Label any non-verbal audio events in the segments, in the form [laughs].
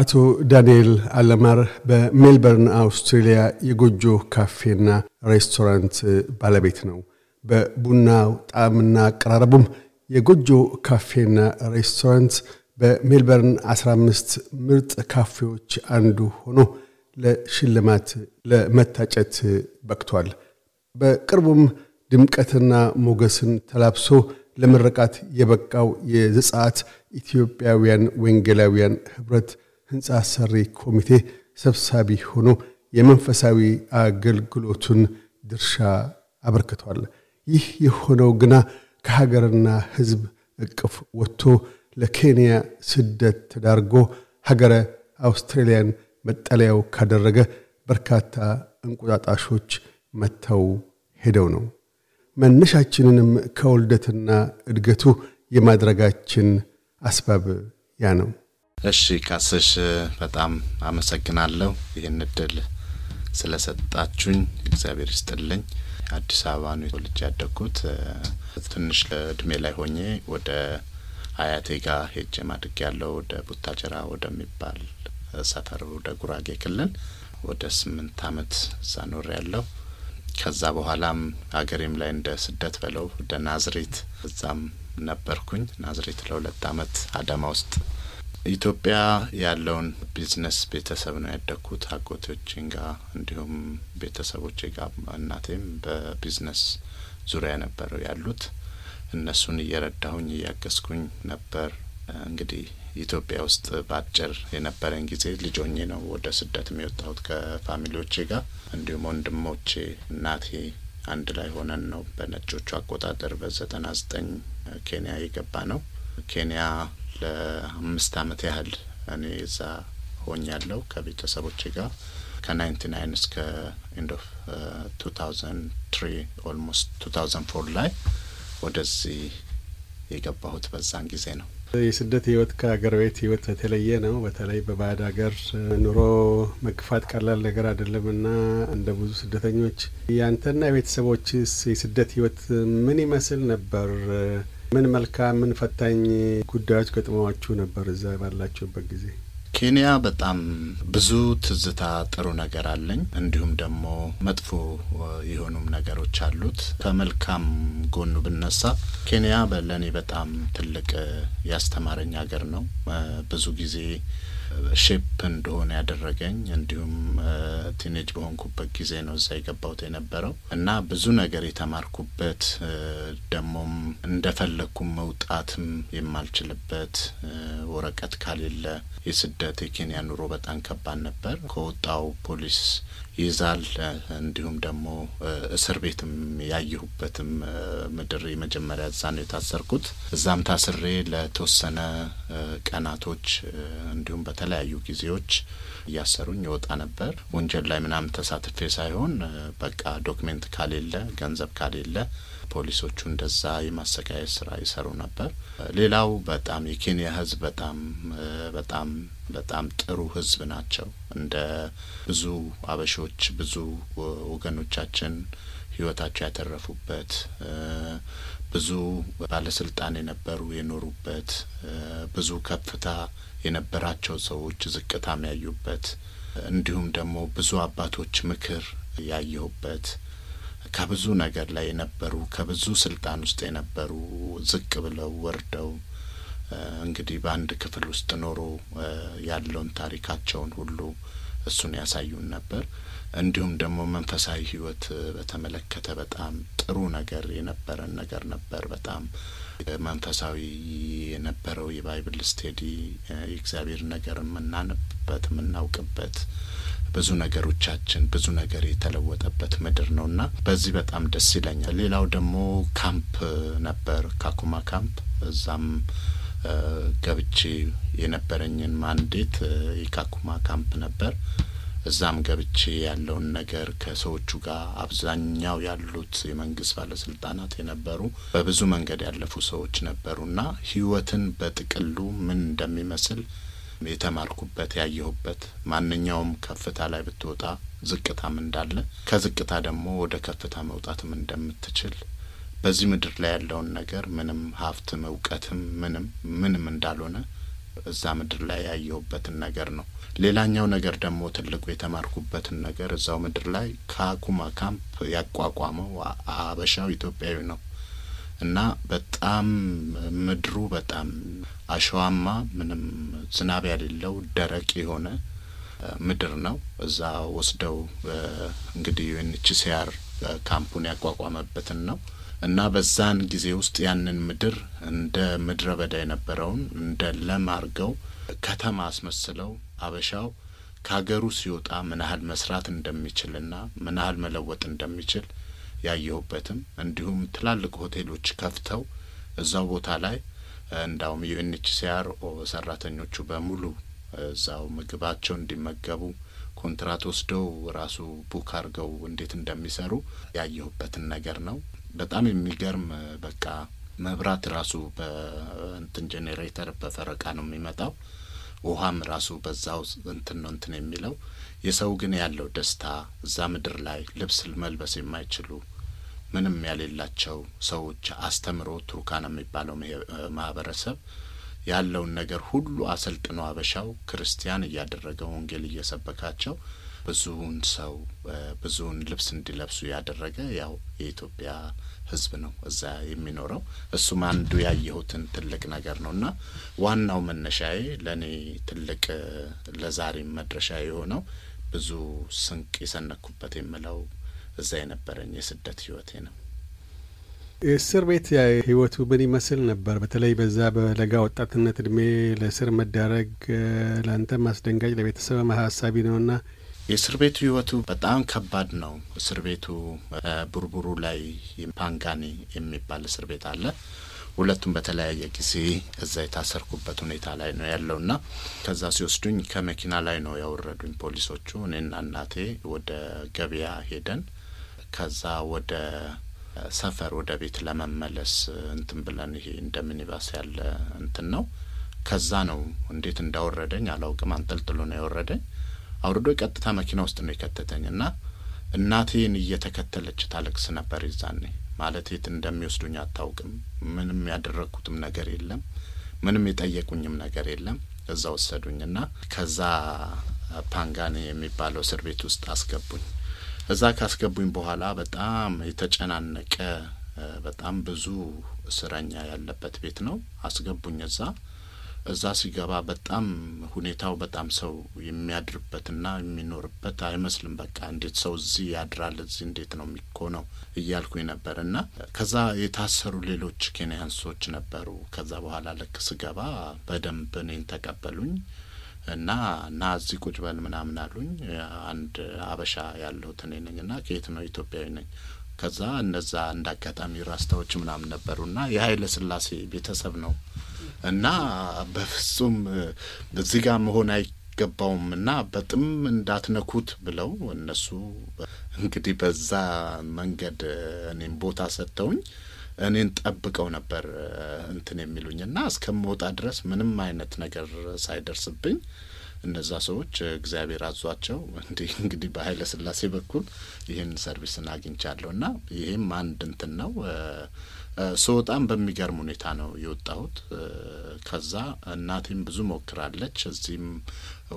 አቶ ዳንኤል አለማር በሜልበርን አውስትሬሊያ የጎጆ ካፌና ሬስቶራንት ባለቤት ነው። በቡናው ጣዕምና አቀራረቡም የጎጆ ካፌና ሬስቶራንት በሜልበርን 15 ምርጥ ካፌዎች አንዱ ሆኖ ለሽልማት ለመታጨት በቅቷል። በቅርቡም ድምቀትና ሞገስን ተላብሶ ለምረቃት የበቃው የዘጻት ኢትዮጵያውያን ወንጌላውያን ህብረት ህንፃ ሰሪ ኮሚቴ ሰብሳቢ ሆኖ የመንፈሳዊ አገልግሎቱን ድርሻ አበርክቷል። ይህ የሆነው ግና ከሀገርና ህዝብ እቅፍ ወጥቶ ለኬንያ ስደት ተዳርጎ ሀገረ አውስትራሊያን መጠለያው ካደረገ በርካታ እንቁጣጣሾች መጥተው ሄደው ነው። መነሻችንንም ከውልደትና እድገቱ የማድረጋችን አስባብ ያ ነው። እሺ ቀስሽ በጣም አመሰግናለሁ ይህን እድል ስለሰጣችሁኝ እግዚአብሔር ይስጥልኝ። አዲስ አበባ ነው ልጅ ያደግኩት። ትንሽ እድሜ ላይ ሆኜ ወደ አያቴ ጋር ሄጄ ማድግ ያለው ወደ ቡታጀራ ወደሚባል ሰፈር ወደ ጉራጌ ክልል ወደ ስምንት አመት እዛ ኖር ያለው ከዛ በኋላም ሀገሬም ላይ እንደ ስደት በለው ወደ ናዝሬት እዛም ነበርኩኝ። ናዝሬት ለሁለት አመት አዳማ ውስጥ ኢትዮጵያ ያለውን ቢዝነስ ቤተሰብ ነው ያደግኩት። አጎቶችን ጋር እንዲሁም ቤተሰቦች ጋር እናቴም በቢዝነስ ዙሪያ ነበረው ያሉት። እነሱን እየረዳሁኝ እያገዝኩኝ ነበር። እንግዲህ ኢትዮጵያ ውስጥ በአጭር የነበረን ጊዜ ልጆኜ ነው ወደ ስደት የወጣሁት ከፋሚሊዎቼ ጋር እንዲሁም ወንድሞቼ እናቴ አንድ ላይ ሆነን ነው በነጮቹ አቆጣጠር በዘጠና ዘጠኝ ኬንያ የገባ ነው። ኬንያ ለአምስት አመት ያህል እኔ እዛ ሆኛለሁ ከቤተሰቦች ጋር ከናይንቲ ናይን እስከ ኤንድ ኦፍ ቱ ታውዘንድ ትሪ ኦልሞስት ቱ ታውዘንድ ፎር ላይ ወደዚህ የገባሁት በዛን ጊዜ ነው። የስደት ህይወት ከሀገር ቤት ህይወት የተለየ ነው። በተለይ በባዕድ ሀገር ኑሮ መግፋት ቀላል ነገር አይደለም እና እንደ ብዙ ስደተኞች ያንተና የቤተሰቦችስ የስደት ህይወት ምን ይመስል ነበር? ምን መልካም ምን ፈታኝ ጉዳዮች ገጥመዋችሁ ነበር እዛ ባላችሁበት ጊዜ? ኬንያ በጣም ብዙ ትዝታ ጥሩ ነገር አለኝ። እንዲሁም ደግሞ መጥፎ የሆኑም ነገሮች አሉት። ከመልካም ጎኑ ብነሳ ኬንያ ለእኔ በጣም ትልቅ ያስተማረኝ ሀገር ነው። ብዙ ጊዜ ሼፕ እንደሆነ ያደረገኝ እንዲሁም ቲኔጅ በሆንኩበት ጊዜ ነው እዛ የገባሁት የነበረው እና ብዙ ነገር የተማርኩበት ደግሞም እንደፈለግኩም መውጣትም የማልችልበት ወረቀት ካሌለ የስደት የኬንያ ኑሮ በጣም ከባድ ነበር። ከወጣው ፖሊስ ይዛል። እንዲሁም ደግሞ እስር ቤትም ያየሁበትም ምድር የመጀመሪያ እዛ ነው የታሰርኩት። እዛም ታስሬ ለተወሰነ ቀናቶች እንዲሁም በተለያዩ ጊዜዎች እያሰሩኝ ይወጣ ነበር። ወንጀል ላይ ምናምን ተሳትፌ ሳይሆን በቃ ዶክሜንት ካሌለ ገንዘብ ካሌለ ፖሊሶቹ እንደዛ የማሰቃየት ስራ ይሰሩ ነበር። ሌላው በጣም የኬንያ ህዝብ በጣም በጣም በጣም በጣም ጥሩ ህዝብ ናቸው። እንደ ብዙ አበሾች ብዙ ወገኖቻችን ህይወታቸው ያተረፉበት ብዙ ባለስልጣን የነበሩ የኖሩበት ብዙ ከፍታ የነበራቸው ሰዎች ዝቅታም ያዩበት እንዲሁም ደግሞ ብዙ አባቶች ምክር ያየሁበት ከብዙ ነገር ላይ የነበሩ ከብዙ ስልጣን ውስጥ የነበሩ ዝቅ ብለው ወርደው እንግዲህ በአንድ ክፍል ውስጥ ኖሮ ያለውን ታሪካቸውን ሁሉ እሱን ያሳዩን ነበር። እንዲሁም ደግሞ መንፈሳዊ ህይወት በተመለከተ በጣም ጥሩ ነገር የነበረን ነገር ነበር። በጣም መንፈሳዊ የነበረው የባይብል ስቴዲ የእግዚአብሔር ነገር የምናነብበት የምናውቅበት ብዙ ነገሮቻችን ብዙ ነገር የተለወጠበት ምድር ነው እና በዚህ በጣም ደስ ይለኛል። ሌላው ደግሞ ካምፕ ነበር፣ ካኩማ ካምፕ እዛም ገብቼ የነበረኝን ማንዴት የካኩማ ካምፕ ነበር። እዛም ገብቼ ያለውን ነገር ከሰዎቹ ጋር አብዛኛው ያሉት የመንግስት ባለስልጣናት የነበሩ በብዙ መንገድ ያለፉ ሰዎች ነበሩና ህይወትን በጥቅሉ ምን እንደሚመስል የተማርኩበት ያየሁበት፣ ማንኛውም ከፍታ ላይ ብትወጣ ዝቅታም እንዳለ ከዝቅታ ደግሞ ወደ ከፍታ መውጣትም እንደምትችል በዚህ ምድር ላይ ያለውን ነገር ምንም ሀብትም እውቀትም ምንም ምንም እንዳልሆነ እዛ ምድር ላይ ያየሁበትን ነገር ነው። ሌላኛው ነገር ደግሞ ትልቁ የተማርኩበትን ነገር እዛው ምድር ላይ ከአኩማ ካምፕ ያቋቋመው አበሻው ኢትዮጵያዊ ነው እና በጣም ምድሩ በጣም አሸዋማ ምንም ዝናብ ያሌለው ደረቅ የሆነ ምድር ነው። እዛ ወስደው እንግዲህ ዩኤንኤችሲአር ካምፑን ያቋቋመበትን ነው እና በዛን ጊዜ ውስጥ ያንን ምድር እንደ ምድረ በዳ የነበረውን እንደ ለም አርገው ከተማ አስመስለው አበሻው ከሀገሩ ሲወጣ ምን ያህል መስራት እንደሚችልና ምን ያህል መለወጥ እንደሚችል ያየሁበትም እንዲሁም ትላልቅ ሆቴሎች ከፍተው እዛው ቦታ ላይ እንዳውም ዩኤንኤችሲአር ሰራተኞቹ በሙሉ እዛው ምግባቸው እንዲመገቡ ኮንትራት ወስደው ራሱ ቡክ አድርገው እንዴት እንደሚሰሩ ያየሁበትን ነገር ነው። በጣም የሚገርም በቃ መብራት ራሱ በእንትን ጄኔሬተር በፈረቃ ነው የሚመጣው። ውሃም ራሱ በዛው እንትን ነው እንትን የሚለው የሰው ግን ያለው ደስታ እዛ ምድር ላይ ልብስ መልበስ የማይችሉ ምንም ያሌላቸው ሰዎች አስተምሮ ቱርካና የሚባለው ማህበረሰብ ያለውን ነገር ሁሉ አሰልጥኖ አበሻው ክርስቲያን እያደረገ ወንጌል እየሰበካቸው ብዙውን ሰው ብዙውን ልብስ እንዲለብሱ ያደረገ ያው የኢትዮጵያ ሕዝብ ነው እዛ የሚኖረው። እሱም አንዱ ያየሁትን ትልቅ ነገር ነው እና ዋናው መነሻዬ ለእኔ ትልቅ ለዛሬ መድረሻ የሆነው ብዙ ስንቅ የሰነኩበት የምለው እዛ የነበረኝ የስደት ህይወቴ ነው። የእስር ቤት ህይወቱ ምን ይመስል ነበር? በተለይ በዛ በለጋ ወጣትነት እድሜ ለእስር መዳረግ ለአንተም አስደንጋጭ ለቤተሰብ ሀሳቢ ነውና የእስር ቤቱ ህይወቱ በጣም ከባድ ነው። እስር ቤቱ ቡርቡሩ ላይ ፓንጋኒ የሚባል እስር ቤት አለ። ሁለቱም በተለያየ ጊዜ እዛ የታሰርኩበት ሁኔታ ላይ ነው እና ከዛ ሲወስዱኝ ከመኪና ላይ ነው ያወረዱኝ ፖሊሶቹ። እኔና እናቴ ወደ ገበያ ሄደን ከዛ ወደ ሰፈር ወደ ቤት ለመመለስ እንትን ብለን ይሄ እንደ ሚኒባስ ያለ እንትን ነው። ከዛ ነው እንዴት እንዳወረደኝ አላውቅም። አንጠልጥሎ ነው የወረደኝ። አውርዶ ቀጥታ መኪና ውስጥ ነው የከተተኝ እና እናቴን እየተከተለች ታለቅስ ነበር ይዛኔ። ማለት የት እንደሚወስዱኝ አታውቅም። ምንም ያደረግኩትም ነገር የለም። ምንም የጠየቁኝም ነገር የለም። እዛ ወሰዱኝና ከዛ ፓንጋኔ የሚባለው እስር ቤት ውስጥ አስገቡኝ። እዛ ካስገቡኝ በኋላ በጣም የተጨናነቀ በጣም ብዙ እስረኛ ያለበት ቤት ነው። አስገቡኝ እዛ እዛ ሲገባ በጣም ሁኔታው በጣም ሰው የሚያድርበትና የሚኖርበት አይመስልም። በቃ እንዴት ሰው እዚህ ያድራል? እዚህ እንዴት ነው የሚኮነው? እያልኩኝ ነበር እና ከዛ የታሰሩ ሌሎች ኬንያንሶች ነበሩ። ከዛ በኋላ ልክ ስገባ በደንብ እኔን ተቀበሉኝ። እና እና እዚህ ቁጭ በል ምናምን አሉኝ። አንድ አበሻ ያለሁት እኔ ነኝ እና ከየት ነው? ኢትዮጵያዊ ነኝ። ከዛ እነዛ እንደ አጋጣሚ ራስታዎች ምናምን ነበሩ እና የኃይለ ስላሴ ቤተሰብ ነው እና በፍጹም እዚህ ጋር መሆን አይገባውም እና በጥም እንዳትነኩት ብለው እነሱ እንግዲህ በዛ መንገድ እኔም ቦታ ሰጥተውኝ እኔን ጠብቀው ነበር እንትን የሚሉኝ እና እስከምወጣ ድረስ ምንም አይነት ነገር ሳይደርስብኝ እነዛ ሰዎች እግዚአብሔር አዟቸው እንዲህ እንግዲህ በኃይለ ሥላሴ በኩል ይህን ሰርቪስን አግኝቻለሁ እና ይህም አንድ እንትን ነው። ስወጣም በሚገርም ሁኔታ ነው የወጣሁት። ከዛ እናቴም ብዙ ሞክራለች። እዚህም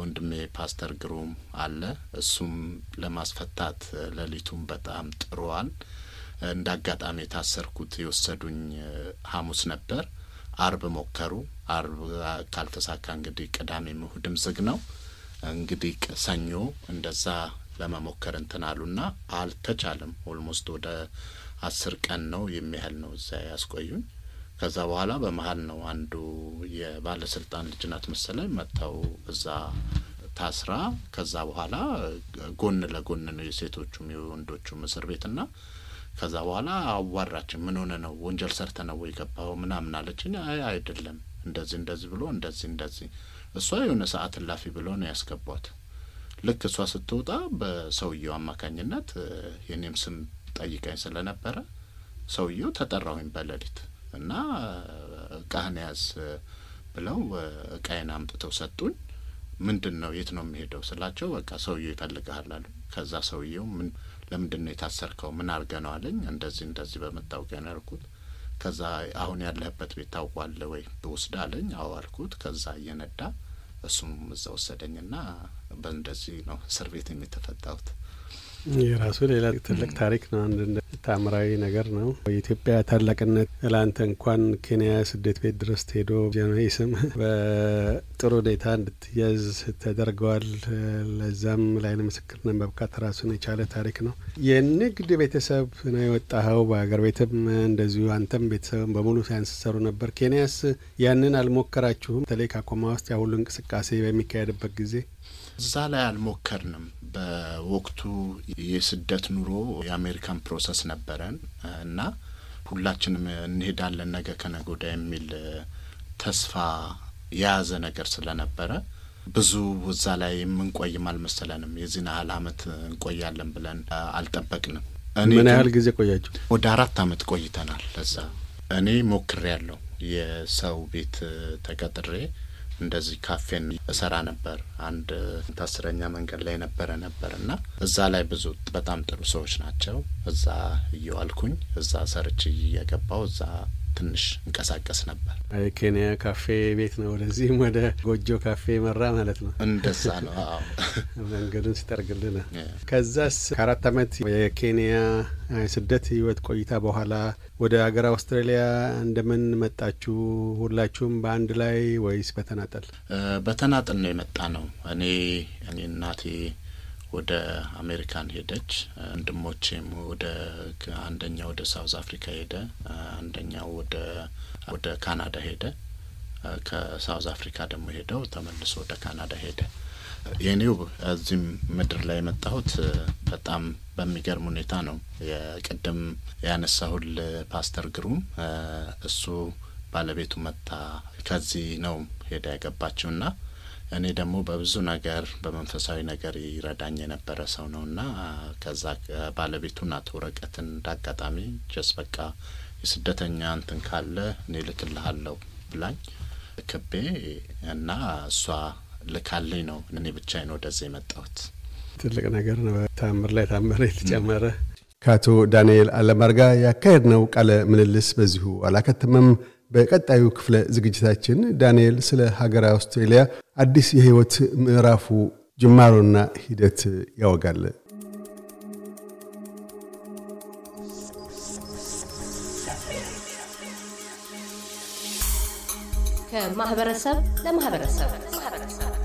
ወንድሜ ፓስተር ግሩም አለ። እሱም ለማስፈታት ሌሊቱም በጣም ጥሯል። እንደ አጋጣሚ የታሰርኩት የወሰዱኝ ሀሙስ ነበር። አርብ ሞከሩ። አርብ ካልተሳካ እንግዲህ ቅዳሜ እሁድም ዝግ ነው። እንግዲህ ሰኞ እንደዛ ለመሞከር እንትን አሉና አልተቻለም። ኦልሞስት ወደ አስር ቀን ነው የሚያህል ነው እዚያ ያስቆዩኝ። ከዛ በኋላ በመሀል ነው አንዱ የባለስልጣን ልጅ ናት መሰለኝ መጥተው እዛ ታስራ ከዛ በኋላ ጎን ለጎን ነው የሴቶቹም የወንዶቹም እስር ቤትና ከዛ በኋላ አዋራችን ምን ሆነ ነው ወንጀል ሰርተ ነው የገባኸው ምናምን አለች። አይደለም እንደዚህ እንደዚህ ብሎ እንደዚህ እንደዚህ እሷ የሆነ ሰዓት እላፊ ብሎ ነው ያስገቧት። ልክ እሷ ስትወጣ በሰውየው አማካኝነት የኔም ስም ጠይቀኝ ስለነበረ ሰውየው ተጠራሁኝ በሌሊት እና እቃህን ያዝ ብለው እቃዬን አምጥተው ሰጡኝ። ምንድን ነው የት ነው የሚሄደው ስላቸው፣ በቃ ሰውየው ይፈልግሃል አሉ። ከዛ ሰውየው ምን ለምንድን ነው የታሰርከው? ምን አርገ ነው አለኝ። እንደዚህ እንደዚህ በመታወቂያ ነው ያልኩት። ከዛ አሁን ያለህበት ቤት ታውቋለ ወይ ብወስድ አለኝ። አዎ አልኩት። ከዛ እየነዳ እሱም እዛ ወሰደኝና በእንደዚህ ነው እስር ቤት የተፈታሁት። የራሱ ሌላ ትልቅ ታሪክ ነው። አንድ ታምራዊ ነገር ነው። የኢትዮጵያ ታላቅነት ለአንተ እንኳን ኬንያ ስደት ቤት ድረስ ሄዶ ስም ጥሩ ሁኔታ እንድትያዝ ተደርገዋል። ለዛም ለአይነ ምስክርነት መብቃት ራሱን የቻለ ታሪክ ነው። የንግድ ቤተሰብ ነው የወጣኸው። በሀገር ቤትም እንደዚሁ አንተም ቤተሰብም በሙሉ ሳይንስ ሰሩ ነበር። ኬንያስ ያንን አልሞከራችሁም? በተለይ ካኮማ ውስጥ ያሁሉ እንቅስቃሴ በሚካሄድበት ጊዜ እዛ ላይ አልሞከርንም። በወቅቱ የስደት ኑሮ የአሜሪካን ፕሮሰስ ነበረን እና ሁላችንም እንሄዳለን ነገ ከነገ ወዲያ የሚል ተስፋ የያዘ ነገር ስለነበረ ብዙ እዛ ላይ የምንቆይም አልመሰለንም። የዚህን ያህል አመት እንቆያለን ብለን አልጠበቅንም። ምን ያህል ጊዜ ቆያችሁ? ወደ አራት አመት ቆይተናል። ለዛ እኔ ሞክሬ ያለው የሰው ቤት ተቀጥሬ እንደዚህ ካፌን እሰራ ነበር። አንድ ታስረኛ መንገድ ላይ ነበረ ነበር እና እዛ ላይ ብዙ በጣም ጥሩ ሰዎች ናቸው። እዛ እየዋልኩኝ እዛ ሰርች እየገባው እዛ ትንሽ እንቀሳቀስ ነበር። ኬንያ ካፌ ቤት ነው ወደዚህም ወደ ጎጆ ካፌ መራ ማለት ነው። እንደዛ ነው። [laughs] መንገዱን ሲጠርግልን ከዛስ ከአራት አመት የኬንያ ስደት ህይወት ቆይታ በኋላ ወደ ሀገር አውስትራሊያ እንደምን መጣችሁ? ሁላችሁም በአንድ ላይ ወይስ በተናጠል? በተናጠል ነው የመጣ ነው። እኔ እኔ እናቴ ወደ አሜሪካን ሄደች። ወንድሞቼም ወደ አንደኛው ወደ ሳውዝ አፍሪካ ሄደ፣ አንደኛው ወደ ወደ ካናዳ ሄደ። ከሳውዝ አፍሪካ ደግሞ ሄደው ተመልሶ ወደ ካናዳ ሄደ። የኔው እዚህም ምድር ላይ የመጣሁት በጣም በሚገርም ሁኔታ ነው። የቅድም ያነሳሁል ፓስተር ግሩም እሱ ባለቤቱ መታ ከዚህ ነው ሄደ ያገባችውና እኔ ደግሞ በብዙ ነገር በመንፈሳዊ ነገር ይረዳኝ የነበረ ሰው ነው እና ከዛ ባለቤቱን አቶ ወረቀትን እንዳጋጣሚ ጀስ በቃ የስደተኛ እንትን ካለ እኔ ልክልሃለሁ ብላኝ ክቤ እና እሷ ልካልኝ ነው እኔ ብቻዬን ወደዚህ የመጣሁት። ትልቅ ነገር ነው። ታምር ላይ ታምር የተጨመረ ከአቶ ዳንኤል አለማር ጋር ያካሄድ ነው ቃለ ምልልስ በዚሁ አላከተመም። በቀጣዩ ክፍለ ዝግጅታችን ዳንኤል ስለ ሀገር አውስትሬሊያ አዲስ የህይወት ምዕራፉ ጅማሮና ሂደት ያወጋል። ከማህበረሰብ ለማህበረሰብ